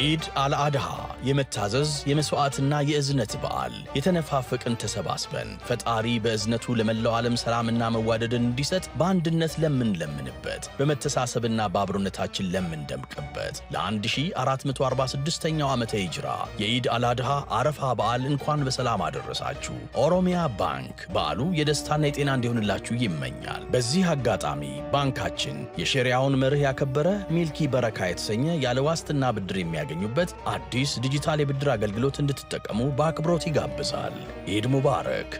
Eid al-Adha. የመታዘዝ የመስዋዕትና የእዝነት በዓል የተነፋፈቅን ተሰባስበን ፈጣሪ በእዝነቱ ለመላው ዓለም ሰላምና መዋደድን እንዲሰጥ በአንድነት ለምንለምንበት በመተሳሰብና በአብሮነታችን ለምንደምቅበት ለ1446ኛው ዓመተ ሂጅራ የኢድ አላድሃ አረፋ በዓል እንኳን በሰላም አደረሳችሁ። ኦሮሚያ ባንክ በዓሉ የደስታና የጤና እንዲሆንላችሁ ይመኛል። በዚህ አጋጣሚ ባንካችን የሸሪያውን መርህ ያከበረ ሚልኪ በረካ የተሰኘ ያለ ዋስትና ብድር የሚያገኙበት አዲስ ዲጂታል የብድር አገልግሎት እንድትጠቀሙ በአክብሮት ይጋብዛል። ኢድ ሙባረክ።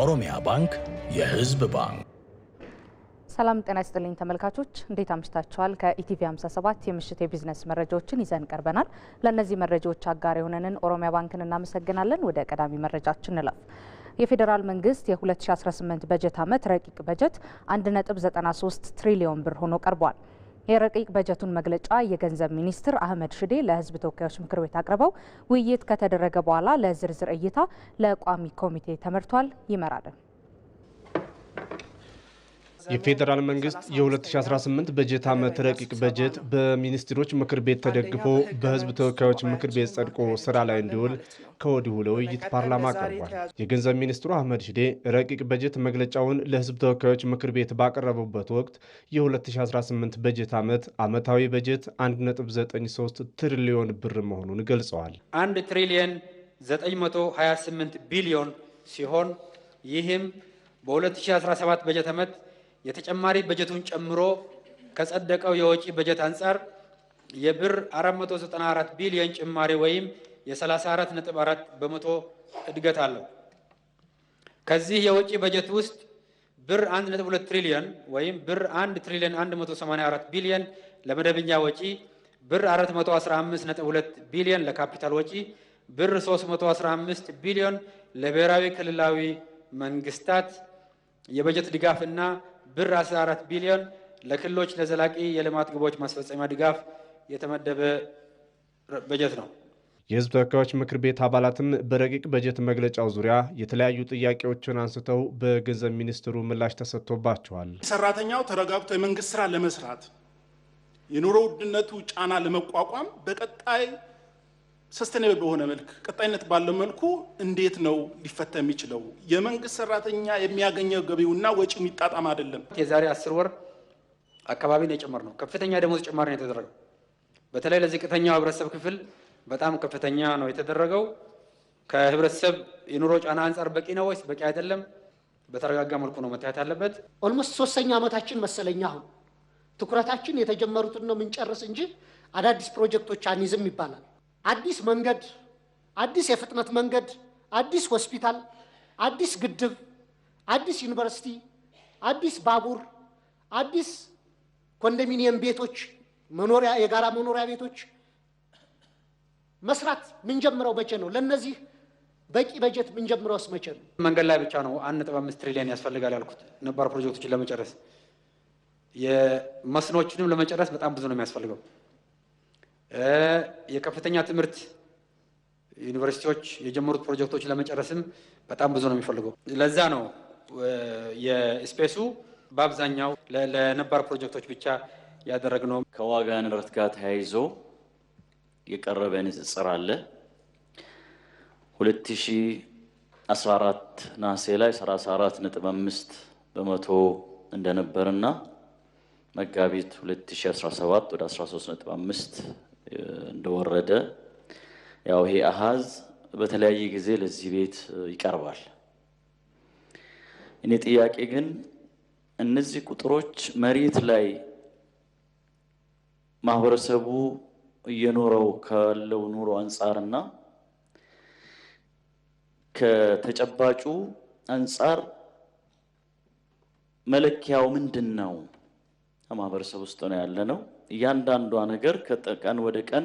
ኦሮሚያ ባንክ የህዝብ ባንክ። ሰላም ጤና ይስጥልኝ ተመልካቾች፣ እንዴት አምሽታችኋል? ከኢቲቪ 57 የምሽት የቢዝነስ መረጃዎችን ይዘን ቀርበናል። ለእነዚህ መረጃዎች አጋር የሆነንን ኦሮሚያ ባንክን እናመሰግናለን። ወደ ቀዳሚ መረጃችን እንለፍ። የፌዴራል መንግስት የ2018 በጀት ዓመት ረቂቅ በጀት 1.93 ትሪሊዮን ብር ሆኖ ቀርቧል። የረቂቅ በጀቱን መግለጫ የገንዘብ ሚኒስትር አህመድ ሽዴ ለህዝብ ተወካዮች ምክር ቤት አቅርበው ውይይት ከተደረገ በኋላ ለዝርዝር እይታ ለቋሚ ኮሚቴ ተመርቷል። ይመራልን የፌዴራል መንግስት የ2018 በጀት ዓመት ረቂቅ በጀት በሚኒስትሮች ምክር ቤት ተደግፎ በህዝብ ተወካዮች ምክር ቤት ጸድቆ ስራ ላይ እንዲውል ከወዲሁ ለውይይት ፓርላማ ቀርቧል። የገንዘብ ሚኒስትሩ አህመድ ሽዴ ረቂቅ በጀት መግለጫውን ለህዝብ ተወካዮች ምክር ቤት ባቀረቡበት ወቅት የ2018 በጀት ዓመት ዓመታዊ በጀት 1.93 ትሪሊዮን ብር መሆኑን ገልጸዋል። 1 ትሪሊዮን 928 ቢሊዮን ሲሆን ይህም በ2017 በጀት ዓመት የተጨማሪ በጀቱን ጨምሮ ከጸደቀው የወጪ በጀት አንጻር የብር 494 ቢሊዮን ጭማሪ ወይም የ34.4 በመቶ እድገት አለው። ከዚህ የወጪ በጀት ውስጥ ብር 1.2 ትሪሊዮን ወይም ብር 1 ትሪሊዮን 184 ቢሊዮን ለመደበኛ ወጪ፣ ብር 415.2 ቢሊዮን ለካፒታል ወጪ፣ ብር 315 ቢሊዮን ለብሔራዊ ክልላዊ መንግስታት የበጀት ድጋፍ እና ብር 14 ቢሊዮን ለክልሎች ለዘላቂ የልማት ግቦች ማስፈጸሚያ ድጋፍ የተመደበ በጀት ነው። የህዝብ ተወካዮች ምክር ቤት አባላትም በረቂቅ በጀት መግለጫው ዙሪያ የተለያዩ ጥያቄዎችን አንስተው በገንዘብ ሚኒስትሩ ምላሽ ተሰጥቶባቸዋል። ሰራተኛው ተረጋግቶ የመንግስት ስራ ለመስራት የኑሮ ውድነቱ ጫና ለመቋቋም በቀጣይ ሰስተኔብል በሆነ መልክ ቀጣይነት ባለው መልኩ እንዴት ነው ሊፈታ የሚችለው? የመንግስት ሰራተኛ የሚያገኘው ገቢውና ወጪ የሚጣጣም አይደለም። የዛሬ አስር ወር አካባቢ ነው የጨመር ነው ከፍተኛ ደሞዝ ጭማሪ ነው የተደረገው። በተለይ ለዝቅተኛው ህብረተሰብ ክፍል በጣም ከፍተኛ ነው የተደረገው። ከህብረተሰብ የኑሮ ጫና አንጻር በቂ ነው ወይስ በቂ አይደለም? በተረጋጋ መልኩ ነው መታየት አለበት። ኦልሞስት ሶስተኛ ዓመታችን መሰለኛ። አሁን ትኩረታችን የተጀመሩትን ነው የምንጨርስ እንጂ አዳዲስ ፕሮጀክቶች አንይዝም ይባላል። አዲስ መንገድ፣ አዲስ የፍጥነት መንገድ፣ አዲስ ሆስፒታል፣ አዲስ ግድብ፣ አዲስ ዩኒቨርሲቲ፣ አዲስ ባቡር፣ አዲስ ኮንዶሚኒየም ቤቶች፣ መኖሪያ የጋራ መኖሪያ ቤቶች መስራት ምንጀምረው መቼ ነው? ለነዚህ በቂ በጀት ምንጀምረውስ መቼ ነው? መንገድ ላይ ብቻ ነው አንድ ነጥብ አምስት ያስፈልጋል ያልኩት ነባር ፕሮጀክቶችን ለመጨረስ የመስኖችንም ለመጨረስ በጣም ብዙ ነው የሚያስፈልገው። የከፍተኛ ትምህርት ዩኒቨርሲቲዎች የጀመሩት ፕሮጀክቶች ለመጨረስም በጣም ብዙ ነው የሚፈልገው። ለዛ ነው የስፔሱ በአብዛኛው ለነባር ፕሮጀክቶች ብቻ ያደረግነው። ከዋጋ ንረት ጋር ተያይዞ የቀረበ ንጽጽር አለ። 2014 ናሴ ላይ 34.5 በመቶ እንደነበርና መጋቢት 2017 ወደ 13.5 እንደወረደ ያው ይሄ አሃዝ በተለያየ ጊዜ ለዚህ ቤት ይቀርባል። እኔ ጥያቄ ግን እነዚህ ቁጥሮች መሬት ላይ ማህበረሰቡ እየኖረው ካለው ኑሮ አንጻርና ከተጨባጩ አንጻር መለኪያው ምንድን ነው? ማህበረሰብ ውስጥ ነው ያለ ነው። እያንዳንዷ ነገር ከቀን ወደ ቀን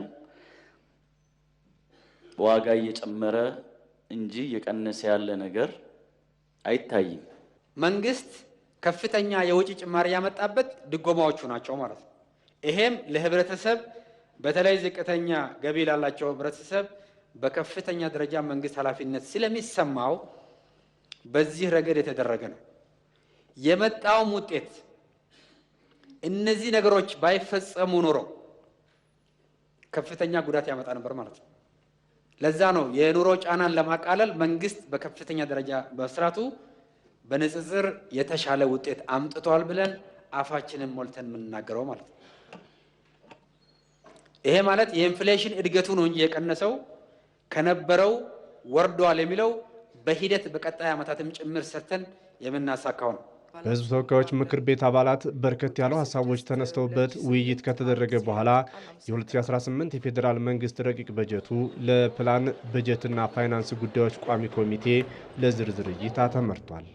ዋጋ እየጨመረ እንጂ እየቀነሰ ያለ ነገር አይታይም። መንግስት ከፍተኛ የውጭ ጭማሪ ያመጣበት ድጎማዎቹ ናቸው ማለት ነው። ይሄም ለህብረተሰብ በተለይ ዝቅተኛ ገቢ ላላቸው ህብረተሰብ በከፍተኛ ደረጃ መንግስት ኃላፊነት ስለሚሰማው በዚህ ረገድ የተደረገ ነው። የመጣውም ውጤት እነዚህ ነገሮች ባይፈጸሙ ኖሮ ከፍተኛ ጉዳት ያመጣ ነበር ማለት ነው። ለዛ ነው የኑሮ ጫናን ለማቃለል መንግስት በከፍተኛ ደረጃ በስራቱ በንጽጽር የተሻለ ውጤት አምጥቷል ብለን አፋችንን ሞልተን የምንናገረው ማለት ነው። ይሄ ማለት የኢንፍሌሽን እድገቱ ነው እንጂ የቀነሰው ከነበረው ወርዷል የሚለው በሂደት በቀጣይ ዓመታትም ጭምር ሰርተን የምናሳካው ነው። በህዝብ ተወካዮች ምክር ቤት አባላት በርከት ያሉ ሀሳቦች ተነስተውበት ውይይት ከተደረገ በኋላ የ2018 የፌዴራል መንግስት ረቂቅ በጀቱ ለፕላን በጀትና ፋይናንስ ጉዳዮች ቋሚ ኮሚቴ ለዝርዝር እይታ ተመርቷል።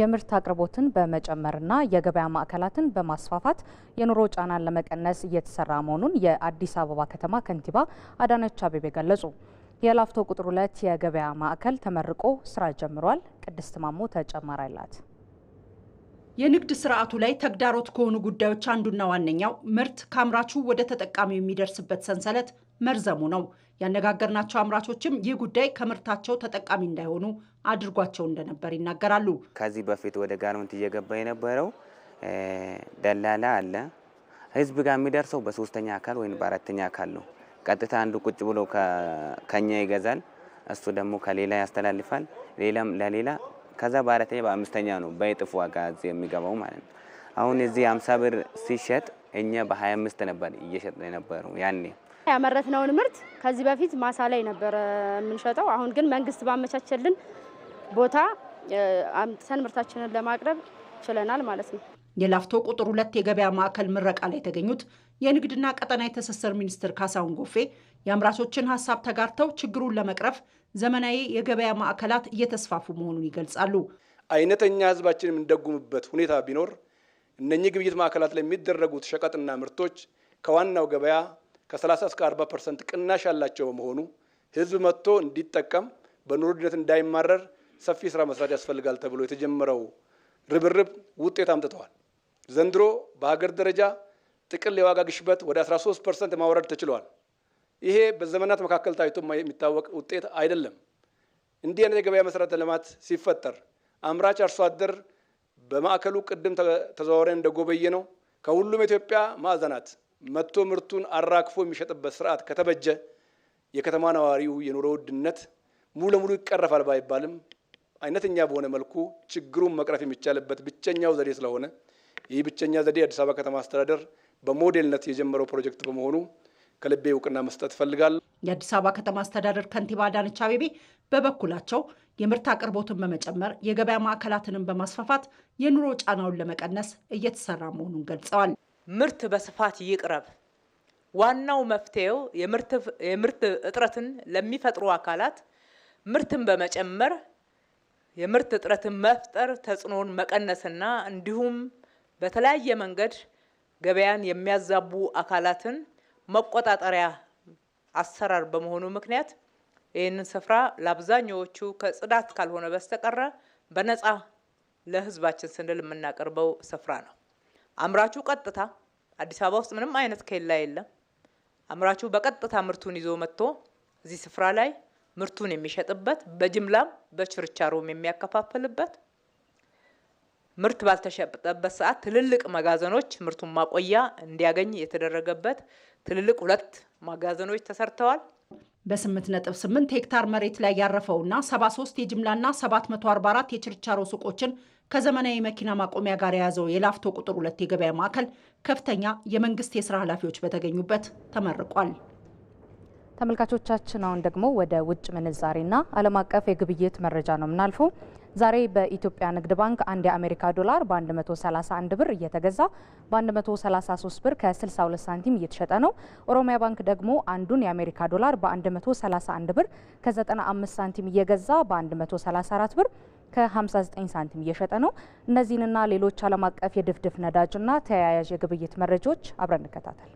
የምርት አቅርቦትን በመጨመርና የገበያ ማዕከላትን በማስፋፋት የኑሮ ጫናን ለመቀነስ እየተሰራ መሆኑን የአዲስ አበባ ከተማ ከንቲባ አዳነች አቤቤ ገለጹ። የላፍቶ ቁጥር ሁለት የገበያ ማዕከል ተመርቆ ስራ ጀምሯል። ቅድስት ማሞ ተጨማሪ አላት። የንግድ ስርዓቱ ላይ ተግዳሮት ከሆኑ ጉዳዮች አንዱና ዋነኛው ምርት ከአምራቹ ወደ ተጠቃሚው የሚደርስበት ሰንሰለት መርዘሙ ነው። ያነጋገርናቸው አምራቾችም ይህ ጉዳይ ከምርታቸው ተጠቃሚ እንዳይሆኑ አድርጓቸው እንደነበር ይናገራሉ። ከዚህ በፊት ወደ ጋርመንት እየገባ የነበረው ደላላ አለ። ህዝብ ጋር የሚደርሰው በሶስተኛ አካል ወይም በአራተኛ አካል ነው። ቀጥታ አንዱ ቁጭ ብሎ ከኛ ይገዛል፣ እሱ ደግሞ ከሌላ ያስተላልፋል፣ ሌላም ለሌላ ከዛ በአራተኛ በአምስተኛ ነው በእጥፍ ዋጋ የሚገባው ማለት ነው። አሁን እዚህ አምሳ ብር ሲሸጥ እኛ በ25 ነበር እየሸጥ የነበረው ያኔ ያመረትነውን ምርት ከዚህ በፊት ማሳ ላይ ነበር የምንሸጠው። አሁን ግን መንግስት ባመቻቸልን ቦታ አምጥተን ምርታችንን ለማቅረብ ችለናል ማለት ነው። የላፍቶ ቁጥር ሁለት የገበያ ማዕከል ምረቃ ላይ የተገኙት የንግድና ቀጠናዊ ትስስር ሚኒስትር ካሳሁን ጎፌ የአምራቾችን ሀሳብ ተጋርተው ችግሩን ለመቅረፍ ዘመናዊ የገበያ ማዕከላት እየተስፋፉ መሆኑን ይገልጻሉ። አይነተኛ ህዝባችን የምንደጉምበት ሁኔታ ቢኖር እነኚህ ግብይት ማዕከላት ላይ የሚደረጉት ሸቀጥና ምርቶች ከዋናው ገበያ ከ30 እስከ 40 ፐርሰንት ቅናሽ ያላቸው በመሆኑ ህዝብ መጥቶ እንዲጠቀም በኑሮ ውድነት እንዳይማረር ሰፊ ስራ መስራት ያስፈልጋል ተብሎ የተጀመረው ርብርብ ውጤት አምጥተዋል። ዘንድሮ በሀገር ደረጃ ጥቅል የዋጋ ግሽበት ወደ 13 ፐርሰንት ማውረድ ተችሏል። ይሄ በዘመናት መካከል ታይቶ የሚታወቅ ውጤት አይደለም። እንዲህ አይነት የገበያ መሰረተ ልማት ሲፈጠር አምራች አርሶ አደር በማዕከሉ ቅድም ተዘዋውረን እንደጎበየ ነው ከሁሉም የኢትዮጵያ ማዕዘናት መጥቶ ምርቱን አራክፎ የሚሸጥበት ስርዓት ከተበጀ የከተማ ነዋሪው የኑሮ ውድነት ሙሉ ለሙሉ ይቀረፋል ባይባልም አይነተኛ በሆነ መልኩ ችግሩን መቅረፍ የሚቻልበት ብቸኛው ዘዴ ስለሆነ ይህ ብቸኛ ዘዴ አዲስ አበባ ከተማ አስተዳደር በሞዴልነት የጀመረው ፕሮጀክት በመሆኑ ከልቤ እውቅና መስጠት ይፈልጋል። የአዲስ አበባ ከተማ አስተዳደር ከንቲባ አዳነች አቤቤ በበኩላቸው የምርት አቅርቦትን በመጨመር የገበያ ማዕከላትንም በማስፋፋት የኑሮ ጫናውን ለመቀነስ እየተሰራ መሆኑን ገልጸዋል። ምርት በስፋት ይቅረብ፣ ዋናው መፍትሄው የምርት እጥረትን ለሚፈጥሩ አካላት ምርትን በመጨመር የምርት እጥረትን መፍጠር ተጽዕኖን መቀነስና እንዲሁም በተለያየ መንገድ ገበያን የሚያዛቡ አካላትን መቆጣጠሪያ አሰራር በመሆኑ ምክንያት ይህንን ስፍራ ለአብዛኛዎቹ ከጽዳት ካልሆነ በስተቀረ በነፃ ለህዝባችን ስንል የምናቀርበው ስፍራ ነው። አምራቹ ቀጥታ አዲስ አበባ ውስጥ ምንም አይነት ኬላ የለም። አምራቹ በቀጥታ ምርቱን ይዞ መጥቶ እዚህ ስፍራ ላይ ምርቱን የሚሸጥበት በጅምላም በችርቻሮም የሚያከፋፍልበት ምርት ባልተሸጠበት ሰዓት ትልልቅ መጋዘኖች ምርቱን ማቆያ እንዲያገኝ የተደረገበት ትልልቅ ሁለት መጋዘኖች ተሰርተዋል። በ8.8 ሄክታር መሬት ላይ ያረፈውና 73 የጅምላና 744 የችርቻሮ ሱቆችን ከዘመናዊ መኪና ማቆሚያ ጋር የያዘው የላፍቶ ቁጥር ሁለት የገበያ ማዕከል ከፍተኛ የመንግስት የስራ ኃላፊዎች በተገኙበት ተመርቋል። ተመልካቾቻችን አሁን ደግሞ ወደ ውጭ ምንዛሬና ዓለም አቀፍ የግብይት መረጃ ነው የምናልፈው። ዛሬ በኢትዮጵያ ንግድ ባንክ አንድ የአሜሪካ ዶላር በ131 ብር እየተገዛ በ133 ብር ከ62 ሳንቲም እየተሸጠ ነው። ኦሮሚያ ባንክ ደግሞ አንዱን የአሜሪካ ዶላር በ131 ብር ከ95 ሳንቲም እየገዛ በ134 ብር ከ59 ሳንቲም እየሸጠ ነው። እነዚህንና ሌሎች ዓለም አቀፍ የድፍድፍ ነዳጅና ተያያዥ የግብይት መረጃዎች አብረን እንከታተል።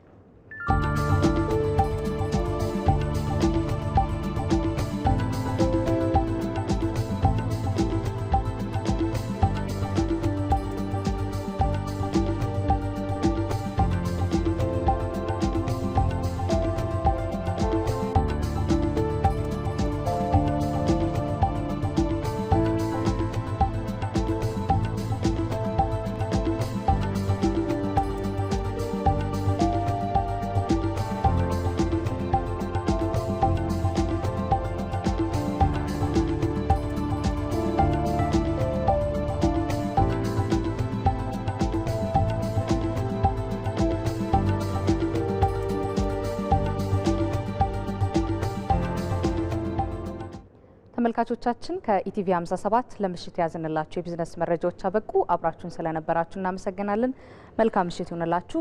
ተመልካቾቻችን ከኢቲቪ 57 ለምሽት ያዝንላችሁ የቢዝነስ መረጃዎች አበቁ። አብራችሁን ስለነበራችሁ እናመሰግናለን። መልካም ምሽት ይሆንላችሁ።